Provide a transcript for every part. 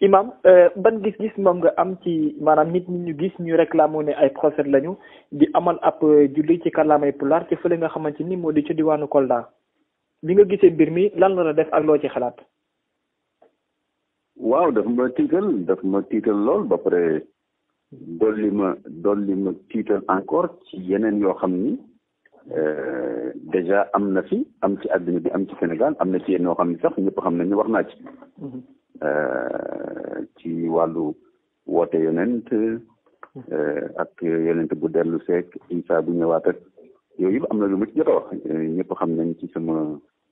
imam euh, ban gis-gis moom nga am ci maanaam nit ñi ñu gis ñu réclamé ne ay prophète lañu di amal ab euh, julli ci kàllaamay pulaar ci fële nga ci ni moo di ci diwaanu Kolda bi nga gisee mbir mi lan la la def ak loo ci xalaat. waaw daf ma tiital daf ma tiital lool ba pare dolli ma dolli ma tiital encore ci yeneen yoo xam ni euh, déjà am na fi am ci àddina bi am ci Sénégal am na ci yenn yoo xam ni sax ñëpp xam nañu wax naa ci. Mm-hmm. Euh, ci wàllu woote yonent euh, ak yonent bu dellu seek Isa bu ñëwaat ak yooyu yëpp am na lu ma ci jot a wax ñëpp xam nañ ci sama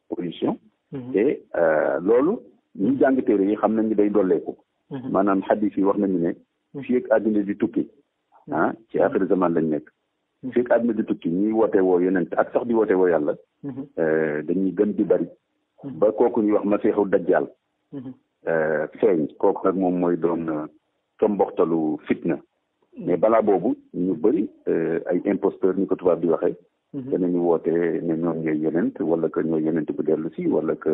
position mm-hmm. te euh, loolu ñu jàng téere yi xam nañ ni day dolleeku mm-hmm. maanaam xadis yi wax nañu ne mm-hmm. fii ak àddina di tukki ah ci axir zaman lañ nekk fii ak àddina di tukki ñuy woote woo yonent ak sax di woote woo yàlla dañuy gën di bari ba kooku ñuy wax masiixu dajjaal E, feeñ kooku nag moom mooy doon tomboxtalu e, fitna mais balaa boobu ñu bëri e, ay imposteur ni ko tubaab di waxee danañu mhm. woote ne ñoom ñooy yenent wala que ñooy yenent bu dellu si wala que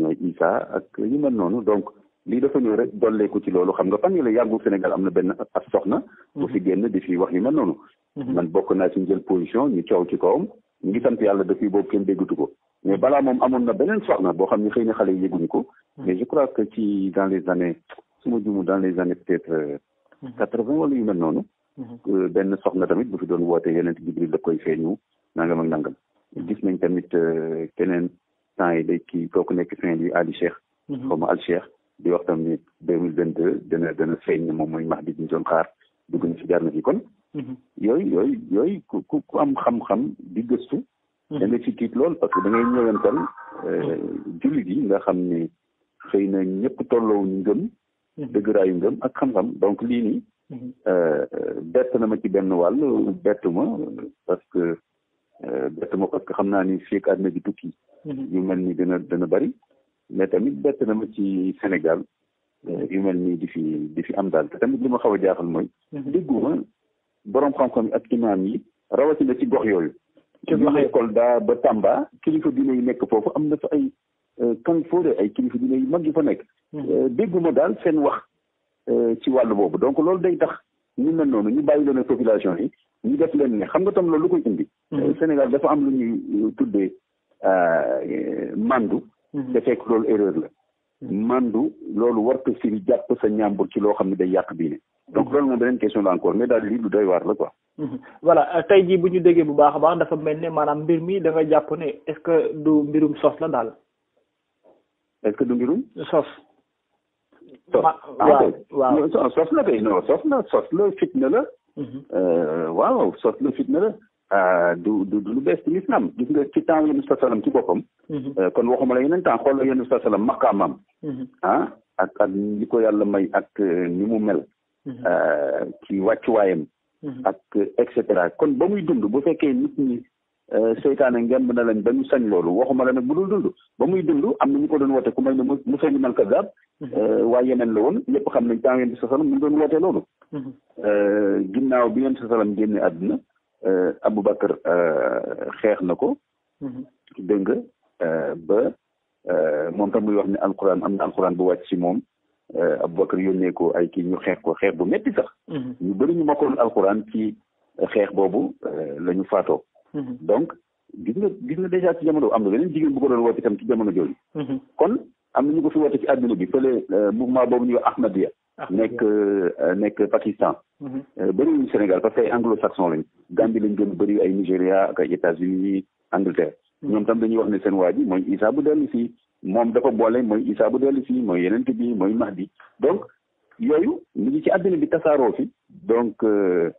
ñooy Isa ak yu mel noonu donc lii dafa ñëw rek ko ci loolu xam nga fan la yàggul Sénégal am na benn as soxna bu fi mhm. génn di fi wax yu mel noonu mhm. man bokk naa ci jël position ñu coow ci kawam ngi sant yàlla depuis boobu kenn déggatu ko mais balaa moom amoon na beneen soxna boo xam ne xëy na xale yi yëguñu ko. Hmm. mais je crois que ci dans les années su ma jumu dans les années peut-être. Euh, hmm. quatre-vingt wala yu mel noonu. Hmm. benn soxna tamit bu fi doon woote yeneen Jibril la koy feeñu nangam ak nangam. gis nañ tamit euh, keneen temps yi day kii kooku nekk Saint-Louis Ali Cheikh. xaw ma Al di wax tamit deux mille vingt deux dana dana feeñ ne moom mooy Mahdi bi ñu doon xaar dugg na ci jaar na fi kon. yooyu yooyu yooyu ku ku am xam di gëstu. da nga ci tiit lool parce que da ngay ñëwantal euh, jullit yi nga xam ni xëy na ñëpp tolloo ñu ngëm mhm. dëggraayu ngëm ak xam-xam donc lii nii mhm. euh, bett na ma ci benn wàll bettu ma parce que euh, bett ma parce xam naa ni fii ak àdduna bi tukki mhm. yu mel ni dina dina bari mais tamit bett na ma ci Sénégal yu mel nii di fi di fi am daal te tamit li ma xaw a jaaxal mooy dégguma boroom xam-xam ak imaam yi rawatina ci gox yooyu te waxee Kolda ba Tamba kilifa diine yi nekk foofu am na fa ay euh, kan fóore ay kilifa diine yu mag yu fa nekk. bégguma hmm. euh, daal seen wax euh, ci wàll boobu donc loolu day tax ñu mel noonu ñu bàyyi leen population yi ñu def leen ne xam nga tam loolu lu koy indi. Hmm. Sénégal dafa am lu ñuy tuddee mandu. Hmm. te fekk loolu erreur la. mandu loolu warta firi jàpp sa ñaambur ci loo xam ne day yàq diine. donc loolu moom beneen question la encore mais daal lii lu doy waar la quoi. Mhm. voilà euh, tey jii bu ñu déggee bu baax a baax dafa mel ne maanaam mbir mi da nga jàpp ne est ce que du mbirum sos la daal. est ce que du mbirum. sos. Ah, sos la kay non sos la sos la fitna la. Mhm. Euh, waaw sos la fitna la. Ah, du du du lu bees ci lislaam gis ci temps yenn sasalam ci boppam. Mhm. Euh, kon waxuma la yeneen temps xoolal yenn sasalam maqaamam. ah ak ak ni ko yàlla may ak ni mu mel. Mm-hmm. Euh, ci wàccuwaayam mm-hmm. ak et cetera kon ba muy dund bu fekkee nit ñi euh, seytaane ngemb na leen ba ñu sañ loolu waxuma la nag bu dul dund ba muy dund am na ñu ko doon woote ku mel ne Musaa ibn al-Kazzaab mm-hmm. euh, waa yeneen la woon ñëpp xam na temps yonent sa salam mu ngi doon woote loolu ginnaaw bi yonent sa salam génne àdduna Aboubacar xeex na ko dégg nga ba moom tam wax ne alquran am na alquran bu wàcc ci moom Euh, Aboubacar yónnee ko ay kii ñu xeex ko xeex bu métti sax. Mhm. ñu bëri ñu mokkoon alxuraan ci euh, xeex boobu euh, la ñu faatoo. Mhm. donc gis nga gis nga dèjà ci jamono am na beneen jigéen bu ko doon woote itam ci jamono jooju. Mhm. kon am na ñu ko fi woote ci àdduna bi fële mouvement boobu ñuy wax Ahmadiyya. nekk nekk Pakistan. bëriwuñu Sénégal parce que ay anglo-saxon lañ. Gambie lañ doon bëri ay Nigéria ak ay États-Unis Angleterre. ñoom tam dañuy wax ne seen waa ji mooy Isa bu dellu si. moom dafa boole mooy Isaa bu dellu si mooy yeneen bi mooy Mahdi donc yooyu mu ngi ci àddina bi tasaaroo fi donc euh,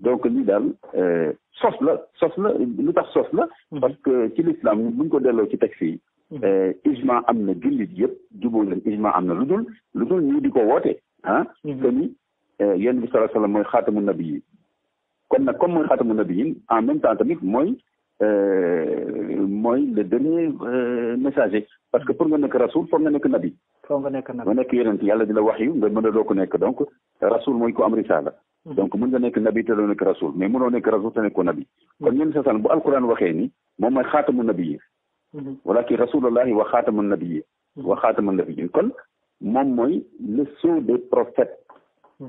donc lii daal euh, sos la sos la lu tax sos la. Mm-hmm. parce que ci l'islam buñ ko delloo ci texte yi. Mm-hmm. Euh, ijma am na jullit yëpp jubóo leen ijma am na lu dul lu dul ñii di ko wootee ah. Mm-hmm. que ni yonent bi sallallahu alayhi wa sallam mooy xaatamu nabi yi kon nag comme mooy xaatamu nabi yi en même temps tamit mooy. Euh, mooy le dernier euh, messager parce que pour nga nekk rasul foog nga nekk nabi. foog nga nekk nabi nga nekk yonent yàlla di la wax yu nga mën a doo ko nekk donc rasul mooy ko am risaala. Mhm. donc mën nga nekk nabi te doo nekk rasul mais mënoo nekk rasul te nekk ko nabi. kon mhm. ñun sa sànq bu alquran waxee ni moom mooy xaatamu nabi yi. Mhm. walakin rasulullahi wa xaatamu nabi yi. wa xaatamu nabi yi kon moom mooy le sceau des prophètes.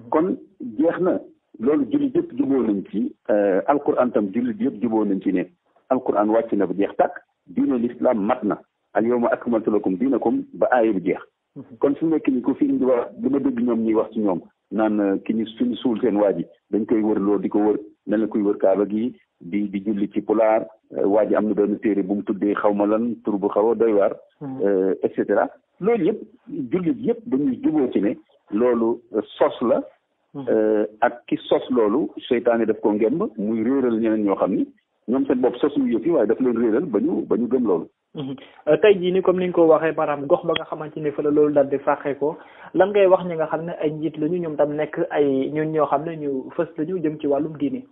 kon jeex na loolu jullit yëpp juboo nañ ci euh, alquran tam jullit yëpp juboo nañ ci ne. alquran wàcc na ba jeex tàkk diine l'islam mat na al yawma akmaltu lakum diinakum ba aaya bi jeex mhm. kon su nekk ni ko fi indi wax dama dégg ñoom ñuy wax ci ñoom naan euh, ki ñu suñu suul seen waa ji dañ koy wër loolu di ko wër nan la koy wër kaaba gi di di julli ci pulaar euh, waa ji am na doon téere bu mu tuddee xaw ma lan tur bu xaw a doy waar mhm. euh, et cetera loolu yëpp jullit yëpp dañuy juboo ci ne loolu sos la mhm. ak ki sos loolu seytaane daf ko ngemb muy réeral ñeneen ñoo xam ni ñoom seen bopp sosu yëf yi waaye daf leen réeral ba ñu ba ñu gëm loolu. Mhm. Euh, tey jii ni comme ni ñu ko waxee maanaam gox ba nga xamante ni fa la loolu daal di fàqee ko lan ngay wax ñi nga xam ne ay njiit lañu ñoom tam nekk ay ñun ñoo xam ne ñu fës lañu jëm ci wàllum diine.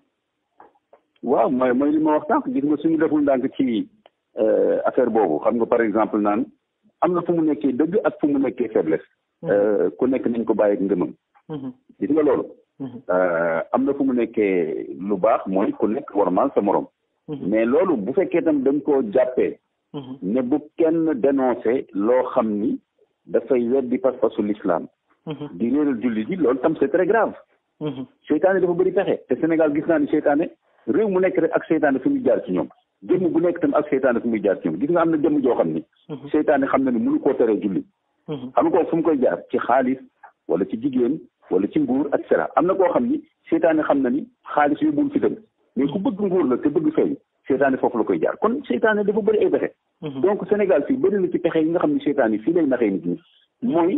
waaw mooy mooy li ma wax sànq gis nga suñu deful ndànk ci euh, affaire boobu xam nga par exemple naan am na fu mu nekkee dëgg ak fu mu nekkee faiblesse. Mhm. Euh, ku nekk nañ ko bàyyi ak ngëmam. Mhm. gis nga loolu. am na fu mu nekkee lu baax mooy ku nekk warmaal sa morom. Mhm. mais loolu bu fekkee tam dañ koo jàppee mhm. ne bu kenn dénoncé loo xam ni dafay weddi pas-pasu l'islam mhm. di réeral jullit yi loolu tam c'est très grave seytaane dafa bëri pexe te Sénégal gis naa ni seytaane réew mu nekk rek ak seytaane fi muy jaar ci ñoom jëmm bu nekk tam ak seytaane muy jaar ci ñoom gis nga am na jëmm joo xam ni seytaane xam na ni mënu koo teree julli am nga ko fu mu koy jaar ci xaalis wala ci jigéen wala ci nguur ak cetera am na koo xam ni seytaane xam na ni xaalis bu fi dëgg mais ku bëgg nguur la te bëgg feeñ seytaane foofu la koy jaar kon seytaane dafa bëri ay pexe mhm. donc Sénégal fii bëri na ci pexe yi nga xam ne seytaane yi fii lay naxee nit ñi mooy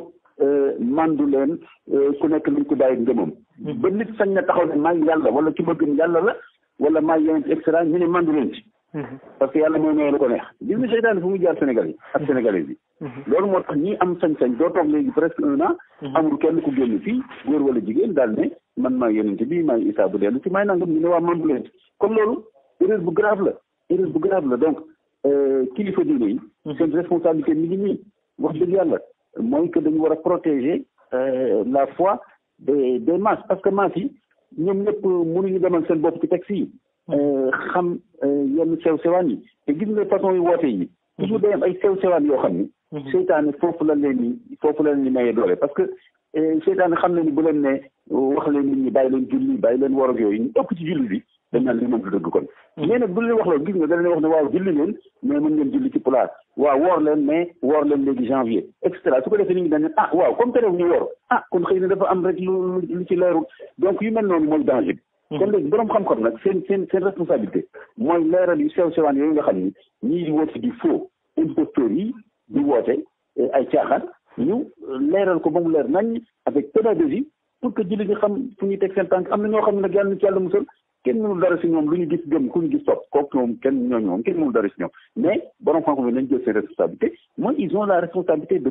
euh, mandu leen euh, ku nekk luñ ko daay ngëmam mhm. ba nit sañ na taxaw ne maa ngi yàlla wala ki ma gëm yàlla la wala maa ngi yonent et ñu ne mandu leen ci Mm-hmm. parce que yàlla mooy maye lu ko neex gis nga seytaane fu mu jaar Sénégal yi ak mm-hmm. sénégalais bi mm-hmm. loolu moo tax ñi am sañ-sañ doo toog léegi presque un an amul kenn ku génn fii góor wala jigéen daal ne man maay yonente bi maay isaa bu dellu ci maay nangam ñu ne waa man bu leen kon loolu erreur bu grave la erreur bu grave la donc euh, kilifa diine yi seen responsabilité mi ngi nii wax dëgg yàlla mooy que dañu war a protéger euh, la foi des des masses parce que masses yi ñoom ñëpp mënuñu demal seen bopp ci taxi yi Euh, xam euh, yenn sew sewaan yi te gis nga façon yu woote yi mhm. toujours day am ay sew sewaan yoo xam ni mhm. seytaane foofu la leen ni foofu la leen ni mayee doole parce que euh, seytaane xam na ni bu leen ne wax leen nit ñi bàyyi leen julli bàyyi leen wor ak yooyu ñu ci julli bi dañ naan li moom du dëgg kon mhm. mais nag bu leen wax loolu gis nga da leen wax ne waaw julli leen mais mën ngeen julli ci pulaar waaw woor leen mais woor leen léegi janvier et cetera su ko defee nit ñi ah, waaw comme ah, kon xëy na dafa am rek lu lu ci leerul donc yu mel noonu mooy danger bi Mhm. kon léegi borom xam-xam nag seen seen seen responsabilité mooy leeral yu sew sewaan yooyu nga xam ni ñii di woote di faux imposteurs yi di woote eh, ay caaxaan ñu leeral ko ba mu leer nañ avec pédagogie pour que jullit ñi xam fu ñuy teg seen tànk am na ñoo xam ne nag yàlla na ci yàlla musal kenn mënul dara si ñoom lu ñu gis gëm ku ñu gis topp kooku ñoom kenn ñooñu moom kenn mënul dara si ñoom mais borom xam-xam yi nañ jël seen responsabilité mooy ils ont la responsabilité euh,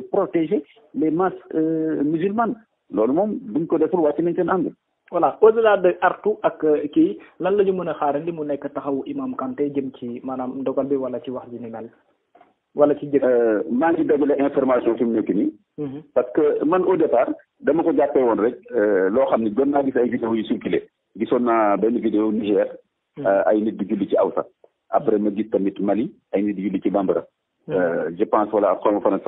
loolu moom buñ ko deful wàcc nañ seen ànd voilà au delà de artu ak euh, kii lan la ñu mën a xaaral li mu nekk taxawu imam Kanté jëm ci maanaam ndogal bi wala ci wax ji ni mel wala ci jëf euh, maa ngi dajale information fi mu nekk nii mhm. parce que man au départ dama ko jàppee woon rek euh, loo xam ne doon naa gis ay vidéo yu circulé gisoon naa benn vidéo Niger mhm. ay nit di julli ci Awsa après ma gis tamit Mali ay nit di julli ci Bambara mhm. je pense voilà xaw ma fan ak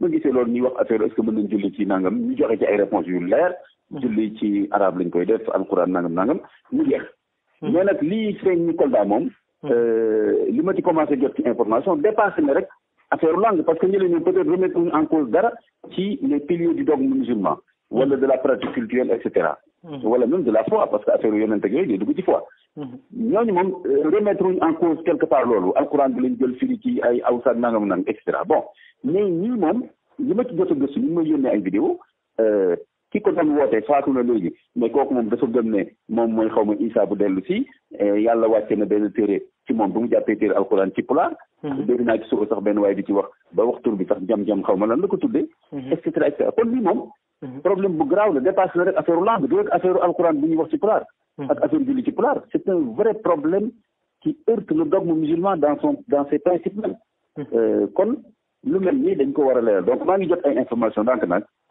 ma gisee loolu ñuy wax affaire mën ci nangam ñu joxe ci ay yu leer Hmm. julli ci arab lañ koy def alquran nangam nangam ñu jeex. Hmm. mais nag lii feeñ ñu Kolda moom. Hmm. Euh, li ma ci commencé jot ci information dépassé na rek affaire langue parce que ñu ne ñoom peut-être en cause dara ci les piliers du dogme musulman wala de la pratique culturelle et cetera. wala même de la foi parce que affaire yonent ak yooyu day dugg ci foi. ñooñu moom euh, remettre en cause quelque part loolu alquran bi lañ jël firi ci ay awsaak nangam nang et cetera bon mais ñii moom li ma ci jot a gëstu ñu ngi may yónnee ki ko doon woote faatu na léegi mais kooku moom dafa gëm ne moom mooy xaw ma Isa bu dellu si eh, yàlla wàcce na benn téere ci moom bu mu jàppee téere alxuraan ci pulaar. Mhm. dégg naa ci suba sax benn waaye di ci wax ba wax tur bi sax jam-jam xaw ma lan la ko tuddee. Mhm. et cetera et cetera kon lii moom. Mhm. problème bu grave la dépasse na rek affaire langue du rek bu ñuy wax ci pulaar. ak affaire julli ci pulaar c'est un vrai problème qui heurte le dogme musulman dans euh, dañ ko war a leeral donc maa ngi jot ay information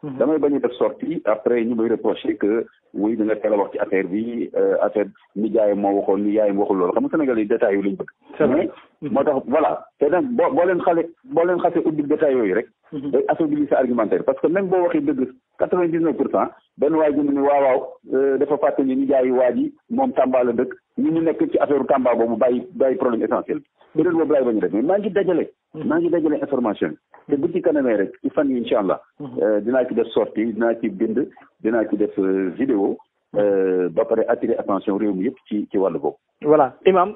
Mhm. damay bañ a def sortie après ñu may reproché que oui da nga wax ci affaire bi euh, affaire ni jaayam moo waxoon ni yaayam waxul loolu xam nga Sénégal yi détails yu lañ bëgg. c'est vrai mhm. moo tax voilà te nag boo boo leen xale boo leen xasee ubbi détails yooyu rek. Mhm. day affaiblir sa argumentaire parce que même boo waxee dëgg quatre-vingt-dix-neuf pour cent benn waay ji waawaaw ne waaw waaw euh, dafa fàtte ni jaayi waa ji moom Tamba la dëkk ni ñu nekk ci affaire Tamba boobu bàyyi bàyyi problème essentiel bi mm-hmm. beneen boobu laay bañ a def mais maa ngi dajale mm-hmm. maa ngi dajale information yi mm-hmm. te bu ci kanamee rek ci fan yi incha allah euh, dinaa ci def sortie dinaa ci bind dinaa ci def euh, vidéo ba pare attirer attention réew mi yëpp ci ci wàllu boobu voilà imam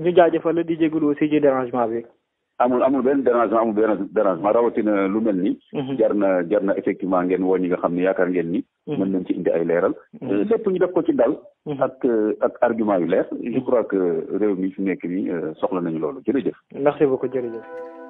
ñu jaajëfal la di jégalu aussi ci dérangement bi amul amul benn dérangement amul benn dérangement rawatina lu mel ni. Mhm. jar na jar na effectivement ngeen woo ñi nga xam ni yaakaar ngeen ni. Mhm. mën nañ ci indi ay leeral. Mhm. Euh, lépp ñu def ko ci dal. ak euh, ak argument yu leer. je crois que réew mi fi nekk nii euh, soxla nañu loolu jërëjëf. merci beaucoup jërëjëf.